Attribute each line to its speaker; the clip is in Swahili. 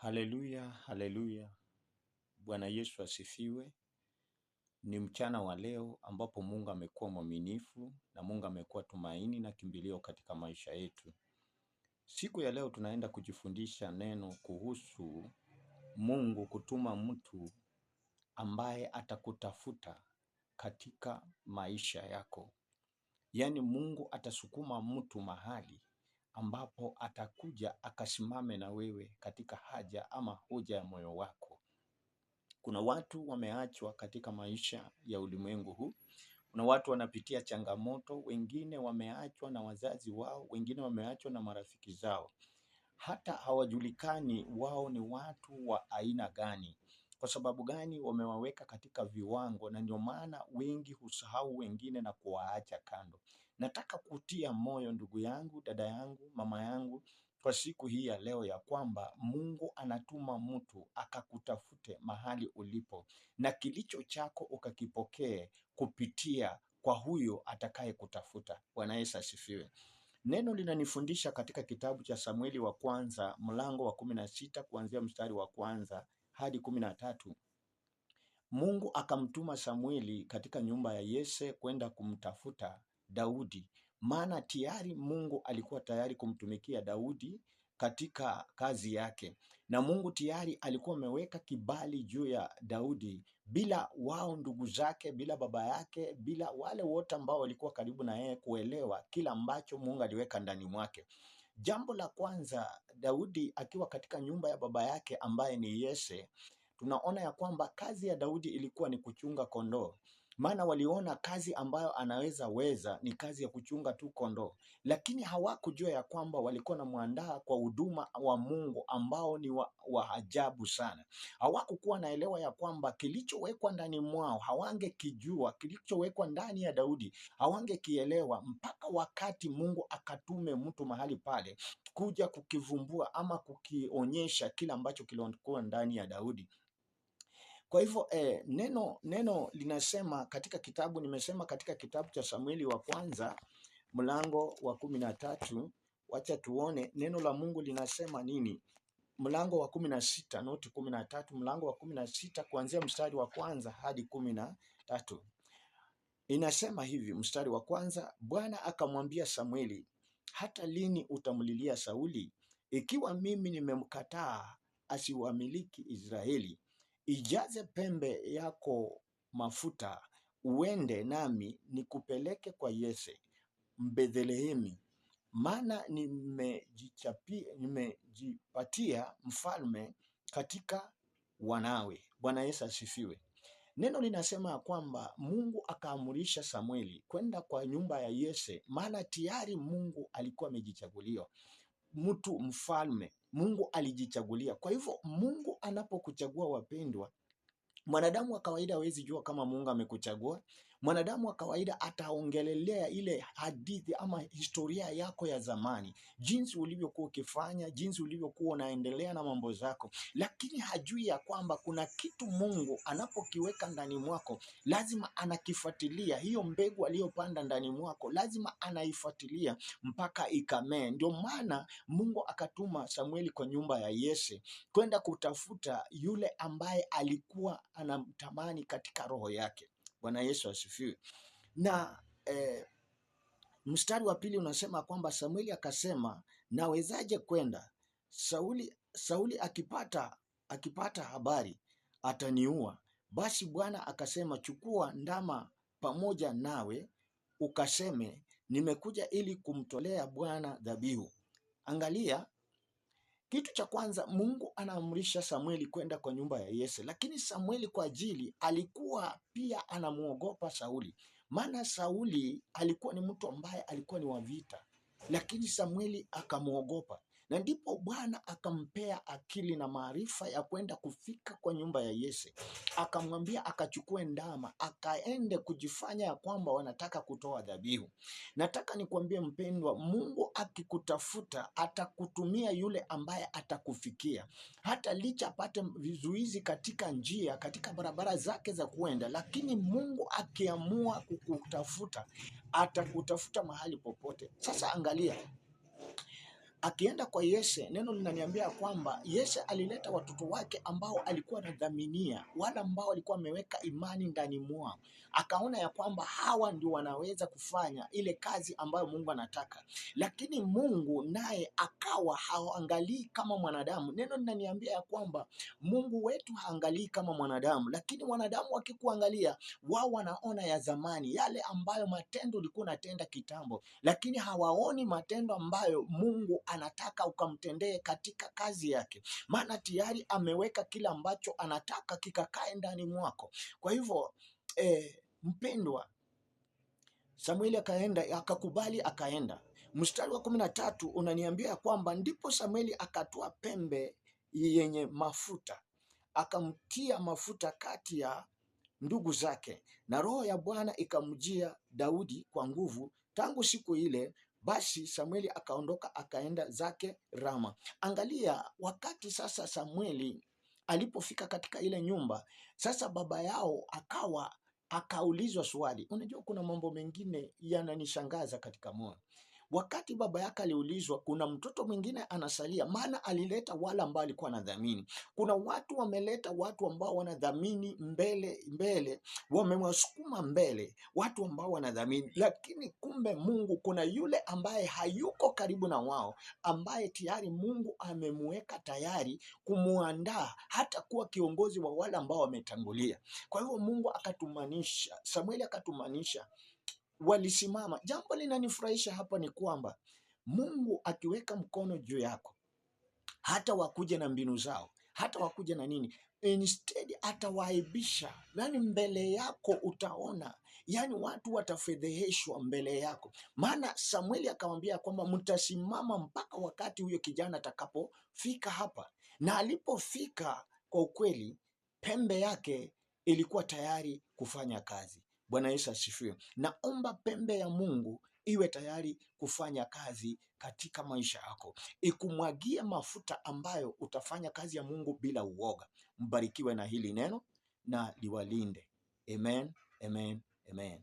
Speaker 1: Haleluya, haleluya. Bwana Yesu asifiwe. Ni mchana wa leo ambapo Mungu amekuwa mwaminifu na Mungu amekuwa tumaini na kimbilio katika maisha yetu. Siku ya leo tunaenda kujifundisha neno kuhusu Mungu kutuma mtu ambaye atakutafuta katika maisha yako. Yaani Mungu atasukuma mtu mahali ambapo atakuja akasimame na wewe katika haja ama hoja ya moyo wako. Kuna watu wameachwa katika maisha ya ulimwengu huu. Kuna watu wanapitia changamoto, wengine wameachwa na wazazi wao, wengine wameachwa na marafiki zao, hata hawajulikani wao ni watu wa aina gani, kwa sababu gani wamewaweka katika viwango, na ndio maana wengi husahau wengine na kuwaacha kando. Nataka kutia moyo ndugu yangu, dada yangu, mama yangu kwa siku hii ya leo ya kwamba Mungu anatuma mtu akakutafute mahali ulipo na kilicho chako ukakipokee kupitia kwa huyo atakaye kutafuta. Bwana Yesu asifiwe. Neno linanifundisha katika kitabu cha Samueli wa kwanza mlango wa kumi na sita kuanzia mstari wa kwanza hadi kumi na tatu. Mungu akamtuma Samueli katika nyumba ya Yese kwenda kumtafuta Daudi, maana tayari Mungu alikuwa tayari kumtumikia Daudi katika kazi yake, na Mungu tayari alikuwa ameweka kibali juu ya Daudi bila wao ndugu zake, bila baba yake, bila wale wote ambao walikuwa karibu na yeye kuelewa kila ambacho Mungu aliweka ndani mwake. Jambo la kwanza, Daudi akiwa katika nyumba ya baba yake ambaye ni Yese, tunaona ya kwamba kazi ya Daudi ilikuwa ni kuchunga kondoo maana waliona kazi ambayo anaweza weza ni kazi ya kuchunga tu kondoo, lakini hawakujua ya kwamba walikuwa na mwandaa kwa huduma wa Mungu ambao ni wa, wa ajabu sana. Hawakukuwa naelewa ya kwamba kilichowekwa ndani mwao hawangekijua, kilichowekwa ndani ya Daudi hawangekielewa mpaka wakati Mungu akatume mtu mahali pale kuja kukivumbua ama kukionyesha kile ambacho kilikuwa ndani ya Daudi. Kwa hivyo eh, neno neno linasema katika kitabu, nimesema katika kitabu cha Samueli wa kwanza mlango wa kumi na tatu. Wacha tuone neno la Mungu linasema nini, mlango wa kumi na sita noti kumi na tatu, mlango wa kumi na sita kuanzia mstari wa kwanza hadi kumi na tatu. Inasema hivi mstari wa kwanza, Bwana akamwambia Samueli, hata lini utamlilia Sauli? Ikiwa mimi nimemkataa asiwamiliki Israeli Ijaze pembe yako mafuta, uende nami nikupeleke kwa Yese Mbethlehemi, maana nimejipatia mfalme katika wanawe. Bwana Yesu asifiwe. Neno linasema ya kwamba Mungu akaamurisha Samueli kwenda kwa nyumba ya Yese, maana tayari Mungu alikuwa amejichagulia mtu mfalme Mungu alijichagulia. Kwa hivyo Mungu anapokuchagua wapendwa, mwanadamu wa kawaida hawezi jua kama Mungu amekuchagua Mwanadamu wa kawaida ataongelelea ile hadithi ama historia yako ya zamani, jinsi ulivyokuwa ukifanya, jinsi ulivyokuwa unaendelea na mambo zako, lakini hajui ya kwamba kuna kitu Mungu anapokiweka ndani mwako lazima anakifuatilia. Hiyo mbegu aliyopanda ndani mwako lazima anaifuatilia mpaka ikamee. Ndio maana Mungu akatuma Samueli kwa nyumba ya Yese kwenda kutafuta yule ambaye alikuwa anamtamani katika roho yake. Bwana Yesu asifiwe. Na eh, mstari wa pili unasema kwamba Samueli akasema, nawezaje kwenda? Sauli, Sauli akipata, akipata habari ataniua. Basi Bwana akasema, chukua ndama pamoja nawe ukaseme nimekuja ili kumtolea Bwana dhabihu. Angalia kitu cha kwanza Mungu anaamrisha Samueli kwenda kwa nyumba ya Yese, lakini Samueli kwa ajili alikuwa pia anamwogopa Sauli, maana Sauli alikuwa ni mtu ambaye alikuwa ni wa vita, lakini Samueli akamwogopa. Na ndipo Bwana akampea akili na maarifa ya kwenda kufika kwa nyumba ya Yese, akamwambia akachukue ndama, akaende kujifanya ya kwamba wanataka kutoa dhabihu. Nataka nikwambie mpendwa, Mungu akikutafuta atakutumia yule ambaye atakufikia, hata licha apate vizuizi katika njia, katika barabara zake za kuenda, lakini Mungu akiamua kukutafuta atakutafuta mahali popote. Sasa angalia akienda kwa Yese, neno linaniambia kwamba Yese alileta watoto wake ambao alikuwa anadhaminia, wala ambao alikuwa ameweka imani ndani mwao, akaona ya kwamba hawa ndio wanaweza kufanya ile kazi ambayo Mungu anataka. Lakini Mungu naye akawa haangalii kama mwanadamu. Neno linaniambia ya kwamba Mungu wetu haangalii kama mwanadamu, lakini wanadamu wakikuangalia wao wanaona ya zamani, yale ambayo matendo ulikuwa unatenda kitambo, lakini hawaoni matendo ambayo Mungu anataka ukamtendee katika kazi yake, maana tayari ameweka kile ambacho anataka kikakae ndani mwako. Kwa hivyo eh, mpendwa, Samueli akaenda akakubali, akaenda. Mstari wa kumi na tatu unaniambia kwamba ndipo Samueli akatoa pembe yenye mafuta akamtia mafuta kati ya ndugu zake, na roho ya Bwana ikamjia Daudi kwa nguvu. Tangu siku ile basi Samueli akaondoka akaenda zake Rama. Angalia, wakati sasa Samueli alipofika katika ile nyumba, sasa baba yao akawa akaulizwa swali. Unajua, kuna mambo mengine yananishangaza katika moyo. Wakati baba yake aliulizwa, kuna mtoto mwingine anasalia? Maana alileta wale ambao alikuwa anadhamini. Kuna watu wameleta watu ambao wanadhamini mbele mbele, wamewasukuma mbele watu ambao wanadhamini, lakini kumbe Mungu kuna yule ambaye hayuko karibu na wao, ambaye tayari Mungu amemweka tayari kumuandaa hata kuwa kiongozi wa wale ambao wametangulia. Kwa hivyo Mungu akatumanisha, Samueli akatumanisha walisimama. Jambo linanifurahisha hapa ni kwamba Mungu akiweka mkono juu yako, hata wakuje na mbinu zao, hata wakuje na nini, instead atawaaibisha. Yani mbele yako utaona, yani watu watafedheheshwa mbele yako. Maana Samueli akamwambia kwamba mtasimama mpaka wakati huyo kijana atakapofika hapa, na alipofika, kwa ukweli pembe yake ilikuwa tayari kufanya kazi. Bwana Yesu asifiwe. Naomba pembe ya Mungu iwe tayari kufanya kazi katika maisha yako, ikumwagie mafuta ambayo utafanya kazi ya Mungu bila uoga. Mbarikiwe na hili neno na liwalinde. Amen, amen, amen.